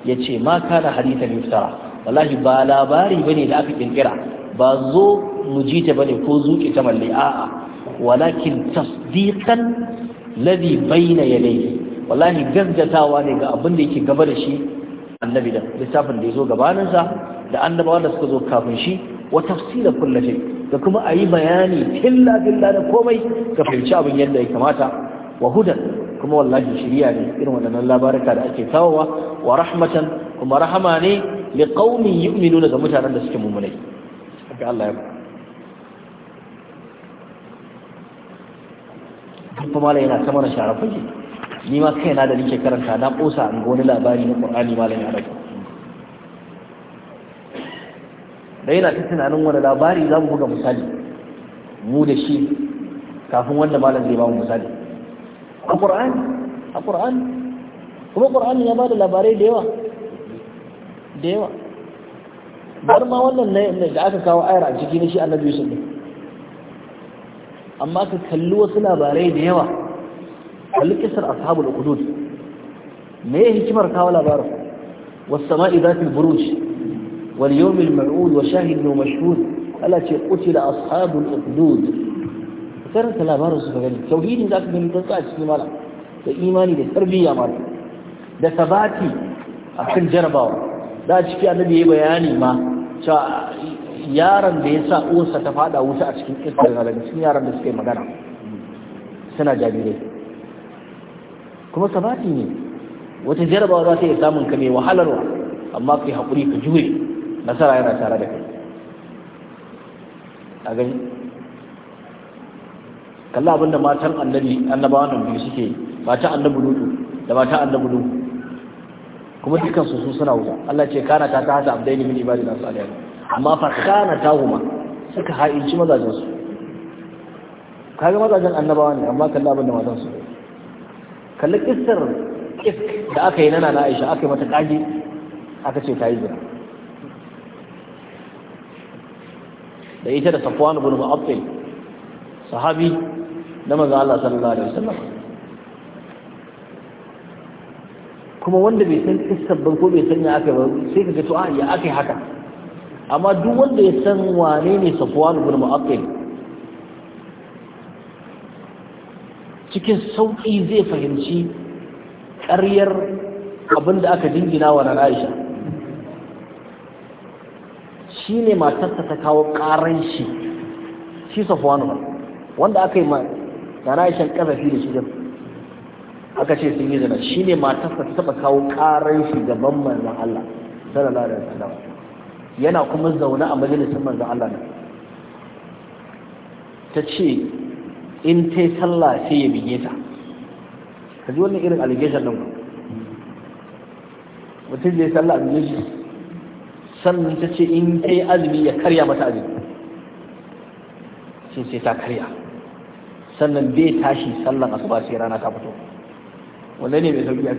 Ya yace ma kana hadithan yuftara wallahi ba labari bane da aka kirkira ba zo mu ji ta bane ko zuki ta malli a'a walakin tasdiqan ladhi bayna yadayhi wallahi gaggatawa ne ga abin da yake gaba da shi annabi da littafin da ya zo gabaninsa da annabawa da suka zo kafin shi wa kullace shay da kuma ayi bayani illa da komai ka fahimci abin yadda ya kamata wa kuma wallahi shiriya ne irin wannan labaraka da ake kawowa wa rahmatan kuma rahama ne li qaumin yu'minuna ga mutanen da suke mumunai haka Allah ya kuma yana ta mana sharafin ni ma na da nake karanta na kosa an wani labari na qur'ani malam ya rage da yana ta tunanin wani labari za mu buga misali mu da shi kafin wanda malam zai ba mu misali a qur'ani a qur'ani kuma qur'ani ya ba da labarai da yawa da yawa bar ma wannan ne da aka kawo ayar a ciki na shi annabi yusuf ne amma ka kalli wasu labarai da yawa خليك كسر أصحاب الأخدود ما يهجمر كاولا بارف والسماء ذات البروج واليوم المعود وشاهد ومشهود التي قتل أصحاب الأخدود فكرت لا بارس فقال توهيد ذات من تسعج في مالا فإيماني للتربية مالا لثباتي أحل جرباو لا أشكي أن نبي بياني ما شا yaran da yasa uwarsa ta أشكي wuta a cikin iskar galibin sun yaran da kuma sabati ne wata jarabawa za ta iya samun ka mai wahalarwa amma kai haƙuri ka jure nasara yana tare da kai a gani kalla abinda matan annabi annabawa nan biyu suke mata annabi lutu da mata annabi lutu kuma dukkan su su suna wuta Allah ce kana ta ta hada abdaini min na salih amma fa kana ta huma suka ha'inci mazajin su kaga mazajin annabawa ne amma kalla abinda matan su kalli kissar isk da aka yi nana na aisha aka yi mata kage aka ce ta yi zina da ita da Safuwa na ibn mu'attil sahabi na maza Allah sallallahu alaihi wasallam kuma wanda bai san kissar ban ko bai san ya aka ba sai ka ga to a ah, ya aka haka amma duk wanda ya san wane ne Safuwa na ibn mu'attil cikin sauƙi zai fahimci ƙaryar abin da aka dingina wa na Aisha shi ne matarsa ta kawo ƙaran shi shi Safwanu wanda aka yi ma da Aisha ƙazafi da shi aka ce sun yi zina shi ne matarsa ta taɓa kawo ƙaran shi gaban manzon Allah sallallahu alaihi wasallam yana kuma zaune a majalisar manzon Allah ne ta ce in ta sallah sai ya bige ta ka ji wannan irin allegation ɗin mutum zai sallah a bige shi sannan ta ce in ta yi azumi ya karya mata azumi sun sai ta karya sannan bai tashi sallan asuba sai rana ta fito wanda ne mai sauki a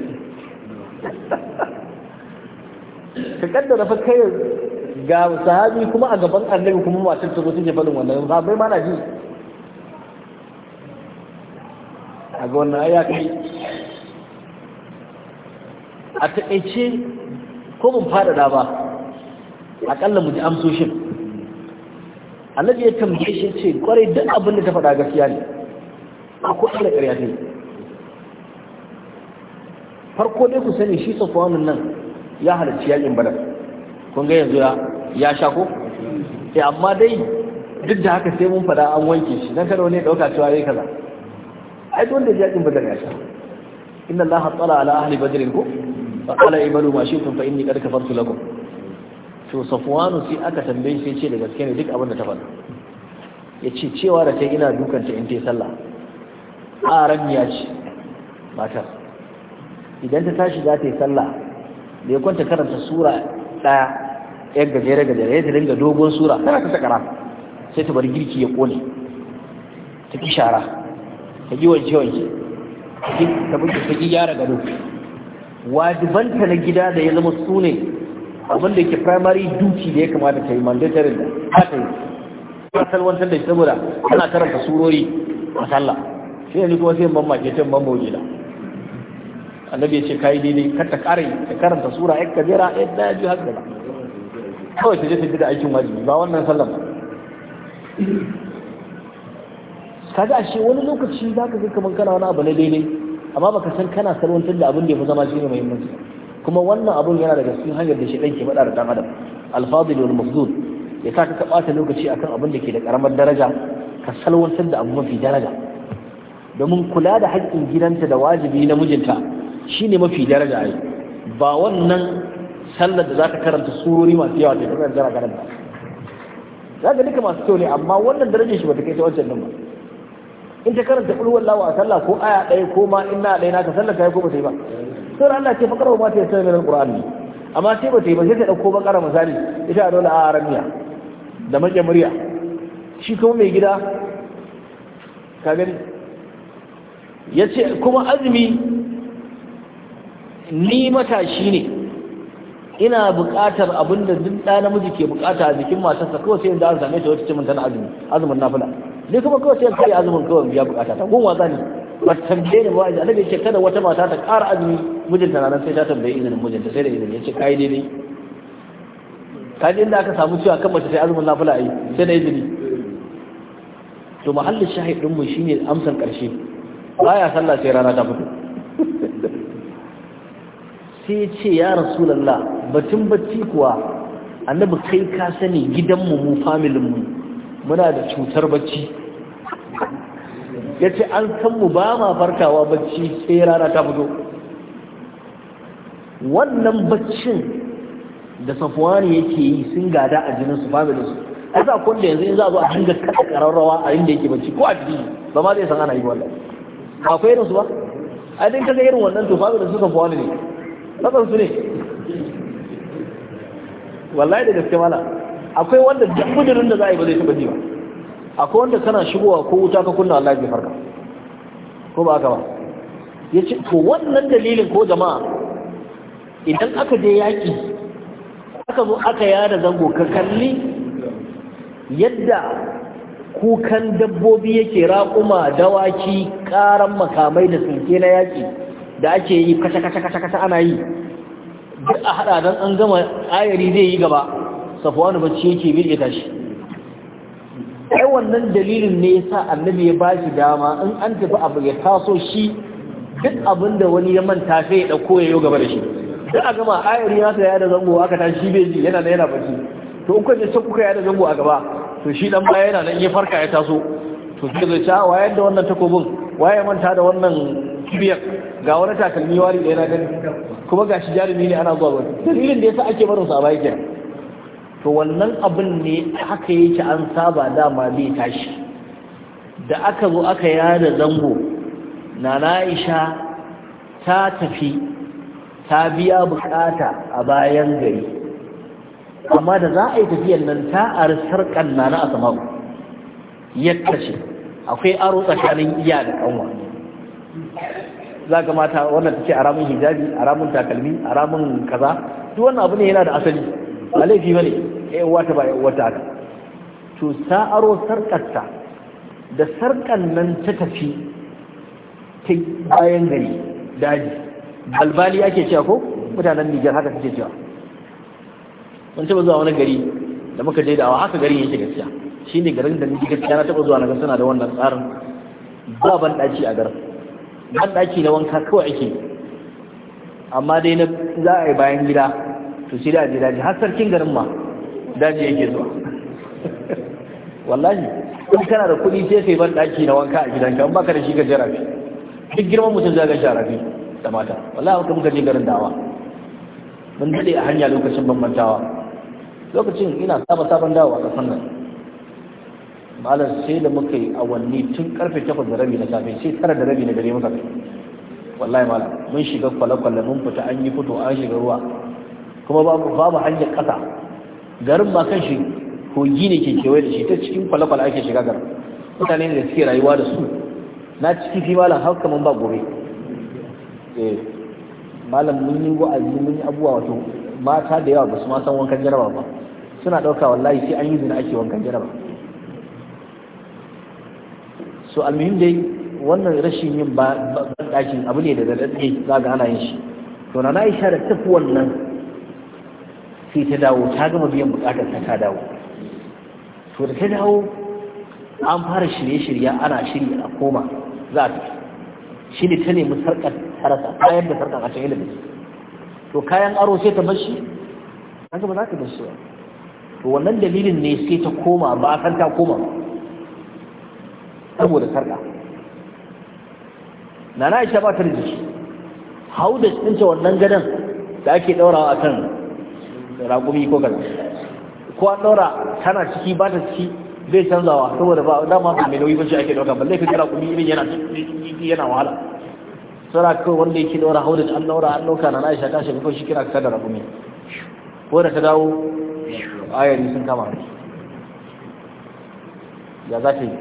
ce ka kaddara fa kai ga sahabi kuma a gaban annabi kuma masu tsoro zo take faɗin wannan ba ma na ji kaga wannan ai ya kai a taƙaice ko mun faɗaɗa ba aƙalla mu ji amsoshin annabi ya tambaye shi ce ƙwarai duk abin da ta faɗa gaskiya ne akwai ala ƙarya ta farko dai ku sani shi safuwanin nan ya halarci yakin badar kun ga yanzu ya sha ko eh amma dai duk da haka sai mun faɗa an wanke shi dan kada wani ya ɗauka cewa yayi kaza ai duk wanda yakin badar ya sha inna allaha tsala ala ahli badrin ku fa qala imalu ma shi'tum fa inni qad kafartu lakum to safwanu sai aka tambaye shi ce da gaske ne duk abin da ta faɗa yace cewa da kai ina dukanta in ta sallah aran ya ce matar idan ta tashi za ta yi sallah da ya kwanta karanta sura ɗaya yan gajere gajere ya ta dinga dogon sura tana ta takara sai ta bar girki ya kone ta ki shara ta ji wance wance ta ta ji gyara gado wajibanta na gida da ya zama su ne abin da ke primary duty da ya kamata ta yi mandatory da haka yi ta salwantar da shi saboda ana karanta surori a sallah shi ne kuma sai ban mace ta ban mauje da annabi ya ce kayi daidai kar ta kare ta karanta sura ya kabira ya daya ji haka da kawai ta je ta ji da aikin wajibi ba wannan sallah ba kaga ashe wani lokaci za ka ga kamar kana wani abu na daidai amma baka san kana salwantar da abin da ya fi zama shine muhimmanci kuma wannan abun yana daga cikin hanyar da shaidan ke faɗa da dan adam al-fadil wal mafdud ya sa ka ɓata lokaci akan abin da ke da karamar daraja ka salwantar da abu mafi daraja domin kula da haƙƙin gidanta da wajibi na mijinta shine mafi daraja ai ba wannan sallar da zaka karanta surori masu yawa da kuma zara karanta zaka duka masu kyau ne amma wannan darajar shi bata kai ta wancan nan ba in ka karanta kul wallahu a sallah ko aya ɗaya ko ma inna ɗaya naka sallar ta yi ko ba ta yi ba sai Allah ce fakarwa ma ta yi sanar min qur'ani amma sai ba ta yi ba sai ta dauko bakara misali ita a dole a aramiya da maƙe murya shi kuma mai gida ka gani ya ce kuma azumi ni matashi ne ina buƙatar abin da duk ɗa namiji ke buƙata a jikin matarsa kawai sai inda an same ta wata cimin tana azumi azumin nafila ni kuma kawai sai kai azumin kawai biya bukata ta gunwa zani ba ta tambaye ni ba idan annabi ce kada wata mata ta ƙara azumi mijinta na nan sai ta tambaye izinin mijinta sai da izini yace kai daidai ka ji inda aka samu cewa kan mace sai azumin nafila yi sai da izini to mahallin shahid din mu shine amsan karshe baya sallah sai rana ta fito [laughs] sai ya ce ya rasulullah batun bacci kuwa annabi kai ka sani gidanmu mu familin mu muna da cutar bacci ya ce an san mu ba ma farkawa bacci sai rana ta fito wannan baccin da safuwani yake yi sun gada a jinin su familin su a za kun da yanzu in za a zo a dinga kaɗa ƙararrawa a inda yake bacci ko a jini ba ma zai san ana yi ba akwai irin su ba a din kaga irin wannan to da su safuwani ne kasan su ne wallahi da gaske mala akwai wanda duk gudurin da za a yi ba zai taba ji ba akwai wanda kana shigowa ko wuta ka kunna Allah ya farka ko ba haka ba ya ce to wannan dalilin ko jama'a idan aka je yaƙi aka zo aka yada zango ka kalli yadda kukan dabbobi yake raƙuma dawaki ƙaran makamai da sulke na yaƙi da ake yi kasa-kasa-kasa ana yi duk a haɗa don an gama ayari zai yi gaba safwan bacci yake birge iya tashi ai wannan dalilin ne yasa annabi ya baki dama in an tafi abu ya taso shi duk abin da wani ya manta sai ya dauko ya yi gaba da shi duk a gama ayar ya ta yada zango aka tashi bai ji yana yana bacci to kuka je sai kuka yada zango a gaba to shi dan baya yana nan ya farka ya taso to shi zai ta ah, wayar da wannan takobin waye manta da wannan kibiyar ga wani takalmi wari da yana gani kuma gashi jarumi ne ana zuwa ba dalilin da yasa ake barin sa a bayan to wannan abin ne haka yake an saba dama bai tashi da aka zo aka yada zango na na'isha ta tafi ta biya bukata a bayan gari amma da za a yi tafiyan nan ta a risar kanna na asamau yadda ce akwai aro tsakanin iya da kanwa za ka mata wannan ta ce a ramin hijabi a takalmi a kaza duk wannan abu ne yana da asali ba laifi ne? eh wata ba wata haka to ta aro sarƙarta, da sarƙar nan ta tafi ta bayan gari daji balbali ake cewa ko mutanen Nijar haka suke cewa mun taba zuwa wani gari da muka je dawa haka garin yake gaskiya ne garin da nijar gaskiya na taba zuwa na ga suna da wannan tsarin ba ban daki a garin ban daki na wanka kawai ake amma dai na za a yi bayan gida to shi da je daji har sarkin garin ma daji yake zuwa wallahi in kana da kuɗi sai kai ban daki na wanka a gidanka in baka da shi ka je rafi duk girman mutum zai ga shi a rafi da mata wallahi haka muka je garin dawa mun daɗe a hanya lokacin bambantawa lokacin ina saba sabon dawa a kasan nan malam sai da muka yi awanni tun karfe takwas da rabi na safe sai tara da rabi na gare muka kai wallahi malam mun shiga kwale-kwale mun fita an yi fito an shiga ruwa kuma babu hanyar ƙasa garin ba kan shi kogi ne ke kewaye da shi ta cikin kwale-kwale ake shiga garin mutane da suke rayuwa da su na ciki fi malam har kaman ba gobe eh, malam mun yi wa'azi mun yi abubuwa wato mata da yawa ba su ma san wankan jaraba ba suna ɗauka wallahi sai an yi zina ake wankan jaraba so almuhim dai wannan rashin yin ba ɗakin abu ne da da za ga ana yin shi to na na yi da tafi wannan sai ta dawo ta gama biyan bukatar ta ta dawo to da ta dawo an fara shirye-shirye ana shiri a koma za ta shi ne ta nemi sarkar harasa kayan da sarkar a can ilimin to kayan aro sai ta bashi an gama za ta bashi ba to wannan dalilin ne sai ta koma ba a san ta koma saboda sarka na aisha ba ta da jiki hau da cikinta wannan gadon da ake daurawa a kan ragumi ko kaza ko an dora tana ciki ba ta ciki zai canzawa saboda ba da ma mai nauyi ba ake ɗauka ba laifin raƙumi irin yana yana wahala sara ko wanda yake dora haudin an dora an ɗauka na na'isha ta shafi ko shi kira ka da ragumi ko da ta dawo ayari sun kama ya zaki yi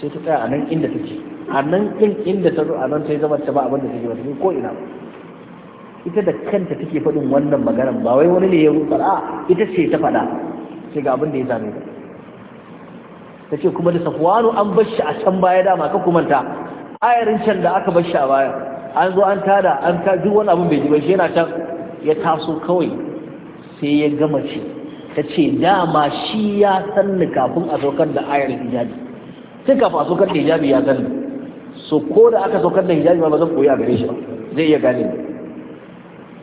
sai ta tsaya a nan inda take a nan din inda ta zo a nan ta zama ta ba abin da take ba ko ina ba ita da kanta take faɗin wannan maganar ba wai wani ne ya rutsar a ita ce ta faɗa sai ga abin da ya same ta ta ce kuma da safwanu an bar a can baya dama ka kumanta ayarin can da aka bar shi a baya an zo an tada an ta duk wani abin bai ji ba yana can ya taso kawai sai ya gama ce ta ce dama shi ya sanni kafin a saukar da ayar hijabi tun kafin a saukar da hijabi ya sanni so ko da aka saukar da hijabi ma ba zan koyi a gare shi ba zai iya gane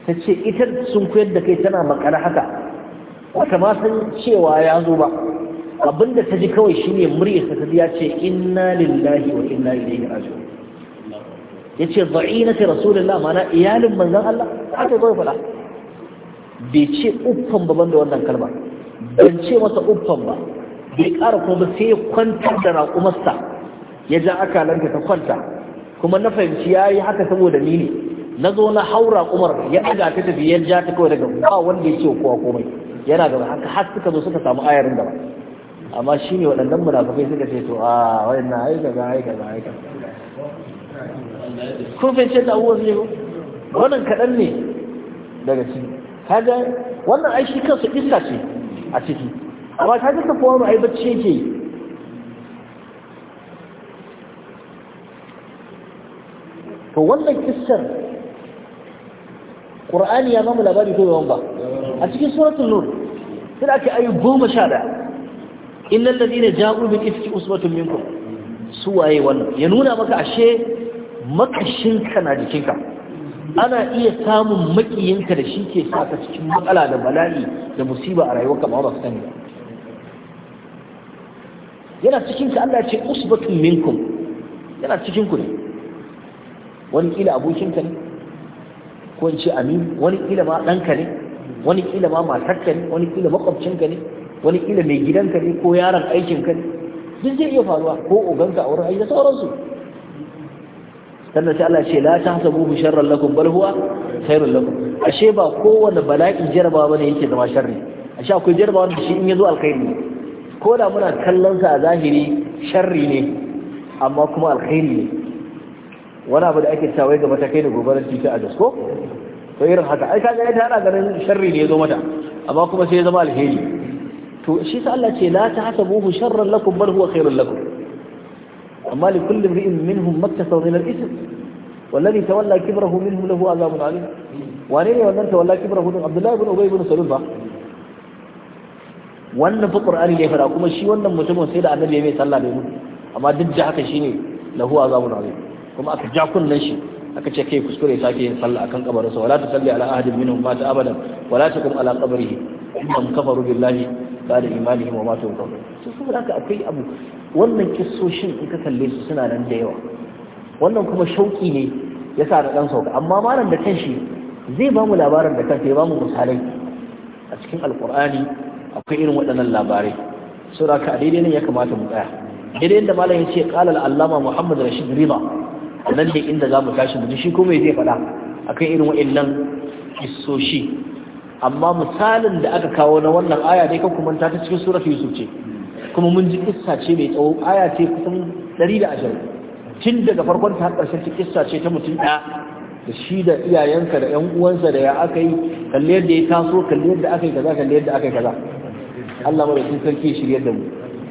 ta ce ita sun koyar da kai tana makara haka wata ma san cewa ya zo ba abinda ta ji kawai shine muryarsa ta ya ce inna lillahi wa inna ilaihi raji'un ya ce za'inati rasulullah mana iyalin manzon Allah haka zo faɗa bai ce uffan ba banda wannan kalmar. ban ce masa uffan ba bai ƙara kuma sai ya kwantar da raƙumarsa ya ja akalanta ta kwanta kuma na fahimci ya yi haka saboda ni ne na zo na haura Umar ya daga ta tafi ya ja ta kawai daga ba wanda ya ce kowa komai yana gaba haka har suka zo suka samu ayarin gaba amma shi ne waɗannan munafukai suka ce to a ah, wajen na aika ga aika ga aika kun fahimce da abubuwan ko. wannan kaɗan ne daga ciki kaga wannan ai shi kansa iska ce a ciki amma kaga ta kowa mu ai bacci yake yi to wannan kissar qur'ani ya mamu labari ko yawan ba a cikin suratul nur sai ake ayu goma sha da innal ladina ja'u bil ifki usbatun minkum su waye wannan ya nuna maka ashe makashin ka na jikinka ana iya samun makiyinka da shi ke saka cikin matsala da bala'i da musiba a rayuwarka ba ba sani yana cikin ka Allah ya ce usbatun minkum yana cikin ku ne wani kila ka ne ko Aminu wani kila ma ɗanka ne wani kila ma matarka ne wani kila makwabcinka ne wani kila mai gidanka ne ko yaron aikinka ne duk zai iya faruwa ko oganka a wurin aiki da sauransu sannan sai Allah ce la tahsabuhu sharran lakum bal huwa khairul lakum ashe ba kowanne bala'in jarba bane yake zama sharri ashe akwai jarba wanda shi in yazo alkhairi ko da muna kallon sa a zahiri sharri ne amma kuma alkhairi ne wani abu da ake cewa ga matakai da gobarar titi a dasko to irin haka ai kaga ita ana ganin sharri ne ya zo mata amma kuma sai ya zama alheri to shi sa Allah ce la tahsabuhu sharran lakum bal huwa khairun lakum amma li kulli imrin minhum maktasaw min al-ithm والذي تولى كبره منهم له عذاب عليم wane ne wannan tawalla kibra hudun abdullahi ibn ubay ibn salul ba wannan fa qur'ani ne fara kuma shi wannan mutumin sai da annabi ya mai sallah da mu amma duk da haka shine lahu azabun azim kuma aka ja kunnen shi aka ce kai kuskure sake yin sallah akan kabarinsa wala ta salli ala ahadin minhum mata abadan wala ta kum ala qabrihi innahum kafaru billahi ba'da imanihim wa matu kafir to saboda haka akwai abu wannan kissoshin in ka kalle su suna nan da yawa wannan kuma shauki ne yasa da dan sauka amma malam da kanshi zai ba mu labarin da kansa ya ba mu misalai a cikin alqur'ani akwai irin waɗannan labarai saboda haka a daidai ne ya kamata mu tsaya daidai yadda malam ya ce qala al-allama muhammad rashid riba nan da inda za mu tashi mu ji shi kuma zai faɗa akan irin wa'annan kissoshi amma misalin da aka kawo na wannan aya dai kan manta ta cikin surat yusuf ce kuma mun ji kissa ce mai tsawo aya ce kusan 120 tun daga farkon ta har ƙarshen ta kissa ce ta mutum ɗaya da shi da iyayensa da ƴan uwansa da ya aka yi kalle yadda ya taso kalle yadda aka yi kaza kalle yadda aka yi kaza Allah madaukakin sarki shirye da mu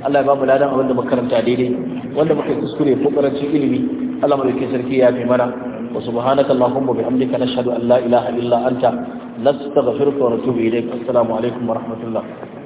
Allah ya ba mu ladan abin da makaranta daidai wanda muka kuskure ko karancin ilimi Allah madaukakin sarki ya fi mana wa subhanaka allahumma bihamdika nashhadu an la ilaha illa anta nastaghfiruka wa natubu ilayk assalamu alaikum wa rahmatullah